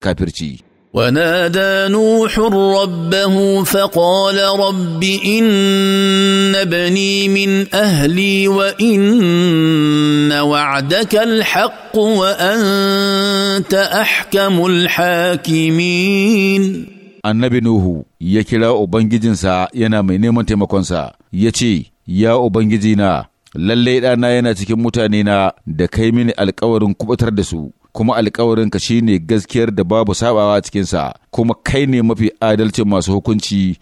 kafirci ونادى نوح ربه فقال رب إن ابني من أهلي وإن وعدك الحق وأنت أحكم الحاكمين annabi Nuhu ya kira Ubangijinsa yana mai neman taimakonsa, ya ce, Ya na? lallai ɗana yana cikin mutane na da kai mini alkawarin kubutar da su kuma alkawarinka ne gaskiyar da babu sabawa cikinsa kuma kai ne mafi adalcin masu hukunci